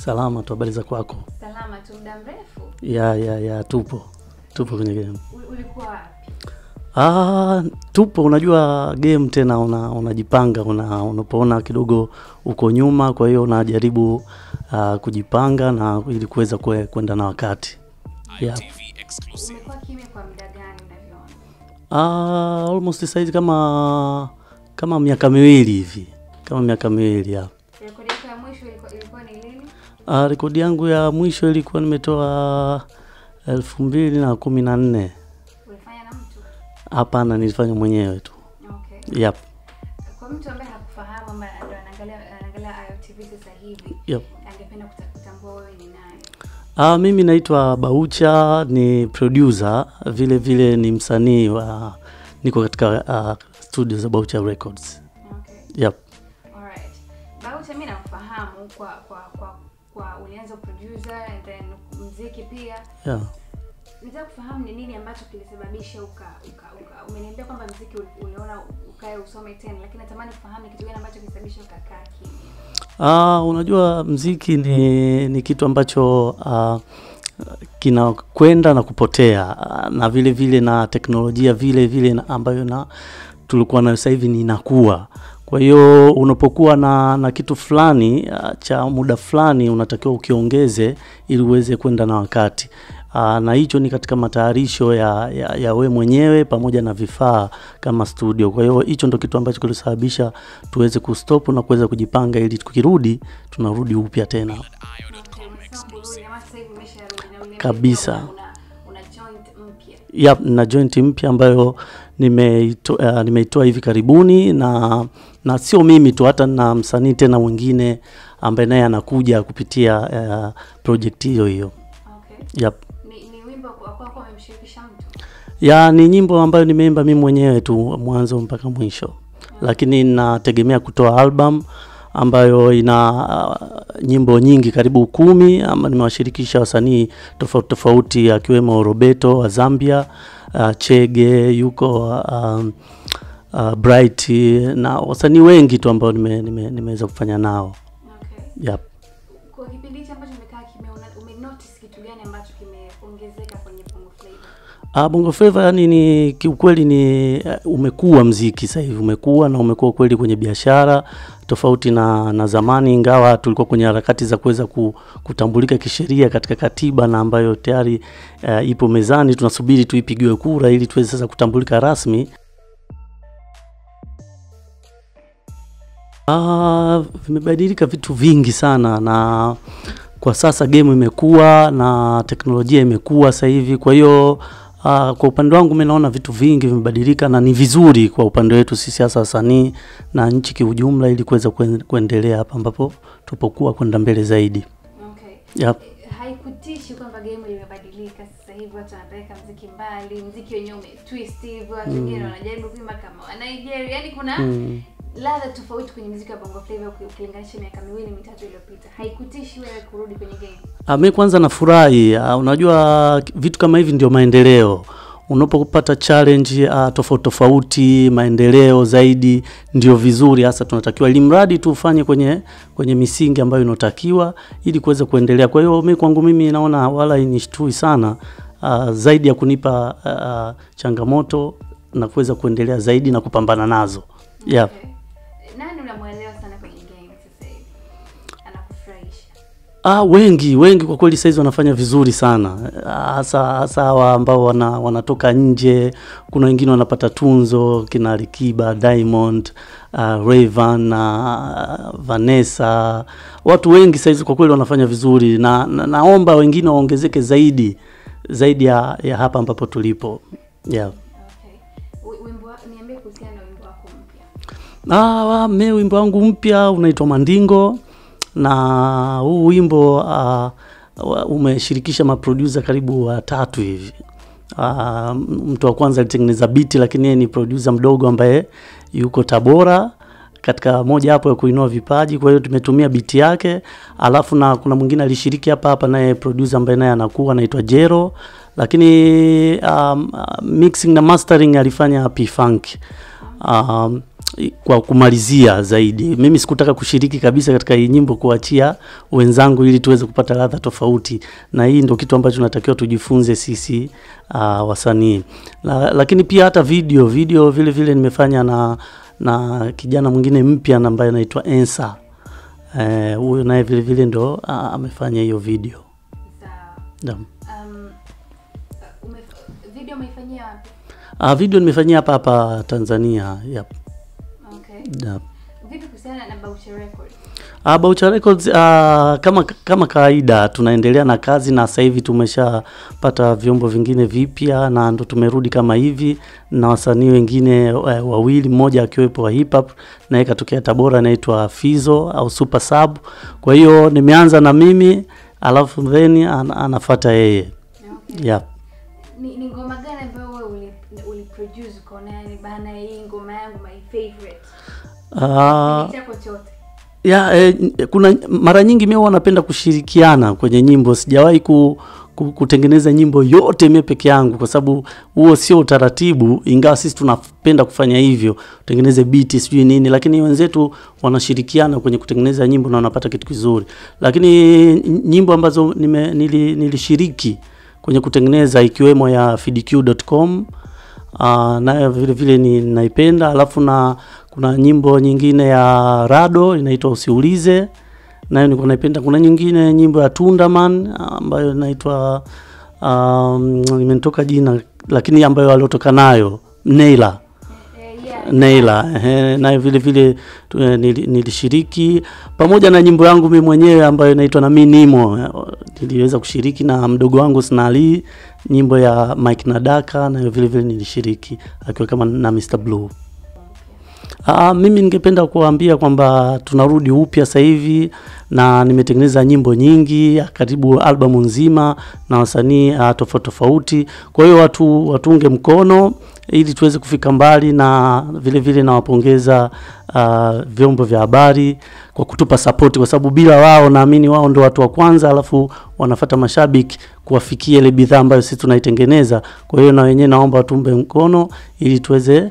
Salama tu, habari za kwako? Salama tu, muda mrefu. Ya ya ya, tupo tupo kwenye game. Ulikuwa wapi? Ah, tupo unajua game tena unajipanga una una unapoona kidogo uko nyuma, kwa hiyo unajaribu uh, ah, kujipanga na ili kuweza kwenda na wakati. ya Yeah. Ah, almost size kama kama miaka miwili hivi, kama miaka miwili hapo. Rekodi yako ya mwisho ilikuwa ni lini? Uh, rekodi yangu ya mwisho ilikuwa nimetoa elfu mbili na kumi na nne. Hapana, nilifanya mwenyewe tu. Okay. Yep. Kwa mtu ambaye hakufahamu ama anaangalia anaangalia IOTV sasa hivi. Yep. Angependa kutambua wewe ni nani? Ah, mimi naitwa Baucha, ni producer, vile vile ni msanii wa niko katika uh, studio za Baucha Records. Okay. Yep. Alright. Baucha mimi nakufahamu kwa kwa kwa kwa ulianza producer and then mziki pia yeah nataka kufahamu ni nini ambacho kilisababisha uka, uka, uka umeniambia kwamba mziki uliona ukae usome tena lakini natamani kufahamu kitu gani ambacho kilisababisha ukakaa kimya Ah, unajua mziki ni, ni kitu ambacho uh, ah, kinakwenda na kupotea ah, na vile vile na teknolojia vile vile na ambayo na tulikuwa nayo sasa hivi ni inakuwa Mm. Kwa hiyo unapokuwa na, na kitu fulani ah, cha muda fulani unatakiwa ukiongeze ili uweze kwenda na wakati. Aa, ah, na hicho ni katika matayarisho ya, ya, ya we mwenyewe pamoja na vifaa kama studio. Kwa hiyo hicho ndo kitu ambacho kilisababisha tuweze kustop na kuweza kujipanga ili tukirudi tunarudi upya tena kabisa. Yep, na joint mpya ambayo Eh, nimeitoa uh, hivi karibuni na na sio mimi tu, hata na msanii tena mwingine ambaye naye anakuja kupitia uh, project hiyo hiyo. Okay. Yep. Ni, kwa ya ni nyimbo ambayo nimeimba mimi mwenyewe tu mwanzo mpaka mwisho, yeah. Lakini nategemea kutoa album ambayo ina uh, nyimbo nyingi karibu kumi, ama nimewashirikisha wasanii tofauti tofauti akiwemo Roberto wa Zambia, uh, Chege yuko uh, uh, Bright na wasanii wengi tu ambao nimeweza nime, nime kufanya nao. Okay. Yep. Kwa kipindi hicho ambacho umekaa kimya, umenotice kitu gani ambacho kimeongezeka kwenye Ah, Bongo Flava yani ni kiukweli ni eh, umekuwa mziki sasa hivi umekuwa na umekuwa kweli kwenye biashara tofauti na, na zamani, ingawa tulikuwa kwenye harakati za kuweza kutambulika kisheria katika katiba na ambayo tayari uh, ipo mezani, tunasubiri tuipigiwe kura ili tuweze sasa kutambulika rasmi. Ah, vimebadilika vitu vingi sana na kwa sasa game imekuwa na teknolojia imekuwa sasa hivi, kwa hiyo Uh, kwa upande wangu mimi naona vitu vingi vimebadilika na ni vizuri kwa upande wetu sisi hasa wasanii na nchi kiujumla, ili kuweza kuendelea hapa ambapo tupokuwa kwenda mbele zaidi. Okay. Yep. Haikutishi kwamba game imebadilika sasa hivi, watu wanapeleka mziki mbali, mziki wenyewe umetwist hivyo, watu wengine mm. wanajaribu kuimba kama wa Nigeria, yani kuna mm ladha tofauti kwenye muziki wa bongo flava ukilinganisha miaka miwili mitatu iliyopita, haikutishi wewe kurudi kwenye game? Ah, mimi kwanza nafurahi. Ah, unajua vitu kama hivi ndio maendeleo unapopata challenge uh, tofauti tofauti, maendeleo zaidi ndio vizuri, hasa tunatakiwa, ili mradi tu ufanye kwenye kwenye misingi ambayo inotakiwa ili kuweza kuendelea. Kwa hiyo mimi kwangu mimi naona wala inishtui sana uh, zaidi ya kunipa uh, changamoto na kuweza kuendelea zaidi na kupambana nazo yeah. Okay. Ah, wengi wengi kwa kweli saizi wanafanya vizuri sana, hasa hasa hawa ambao wana, wanatoka nje. Kuna wengine wanapata tunzo kina Alikiba, Diamond, uh, ah, Rayvan, uh, ah, Vanessa. Watu wengi saizi kwa kweli wanafanya vizuri na, na naomba wengine waongezeke zaidi zaidi ya, ya hapa ambapo tulipo yeah. Okay. Ah, me wimbo wangu mpya unaitwa Mandingo na huu wimbo uh, umeshirikisha maproducer karibu watatu hivi uh, mtu wa kwanza alitengeneza biti lakini yeye ni producer mdogo ambaye yuko Tabora katika moja hapo ya kuinua vipaji. Kwa hiyo tumetumia biti yake, alafu na kuna mwingine alishiriki hapa hapa naye producer ambaye naye anakuwa anaitwa Jero, lakini um, uh, mixing na mastering alifanya P Funk. Um, kwa kumalizia zaidi, mimi sikutaka kushiriki kabisa katika hii nyimbo, kuachia wenzangu ili tuweze kupata ladha tofauti, na hii ndio kitu ambacho tunatakiwa tujifunze sisi uh, wasanii la, lakini pia hata video video vile vile nimefanya na na kijana mwingine mpya ambaye anaitwa Ensa eh, huyo, uh, naye vile vile ndo uh, amefanya hiyo video. Naam. Um, ah, video nimefanyia hapa hapa Tanzania. Yep yep. Uh, Records uh, kama, kama kawaida tunaendelea na kazi na sasa hivi tumeshapata vyombo vingine vipya na ndo tumerudi kama hivi na wasanii wengine uh, wawili, mmoja akiwepo wa hip hop naye katokea Tabora, anaitwa Fizo au Super Sub. Kwa hiyo nimeanza na mimi alafu then an, anafuata yeye okay. yeah. Ni, ni ngoma gani ambayo wewe uliproduce kwa nani bana, hii ngoma yangu my favorite? Ah. ya, e, kuna mara nyingi mimi wanapenda kushirikiana kwenye nyimbo. Sijawahi ku, ku, kutengeneza nyimbo yote mimi peke yangu, kwa sababu huo sio utaratibu, ingawa sisi tunapenda kufanya hivyo, tutengeneze beat sijui nini, lakini wenzetu wanashirikiana kwenye kutengeneza nyimbo na wanapata kitu kizuri. Lakini nyimbo ambazo nime, nili, nilishiriki kwenye kutengeneza ikiwemo ya fidq.com Uh, ah, nayo vile vile naipenda alafu na kuna nyimbo nyingine ya Rado inaitwa Usiulize, nayo nilikuwa naipenda. Kuna nyingine nyimbo ya Tundaman ambayo inaitwa um, imetoka jina lakini ambayo aliotoka nayo Neila Neila nayo vile vile eh, nilishiriki pamoja na nyimbo yangu mimi mwenyewe ambayo inaitwa nami nimo, niliweza kushiriki na mdogo wangu Snali, nyimbo ya Mike Nadaka nayo vile vile nilishiriki akiwa kama na Mr Blue. Aa, ah, ah, mimi ningependa kuambia kwamba tunarudi upya sasa hivi na nimetengeneza nyimbo nyingi karibu albamu nzima na wasanii ah, tofauti tofauti. Kwa hiyo watu watunge mkono ili tuweze kufika mbali, na vile vile nawapongeza uh, vyombo vya habari kwa kutupa sapoti, kwa sababu bila wao, naamini wao ndio watu wa kwanza, alafu wanafata mashabiki kuwafikia ile bidhaa ambayo sisi tunaitengeneza. Kwa hiyo na wenyewe naomba watumbe mkono ili tuweze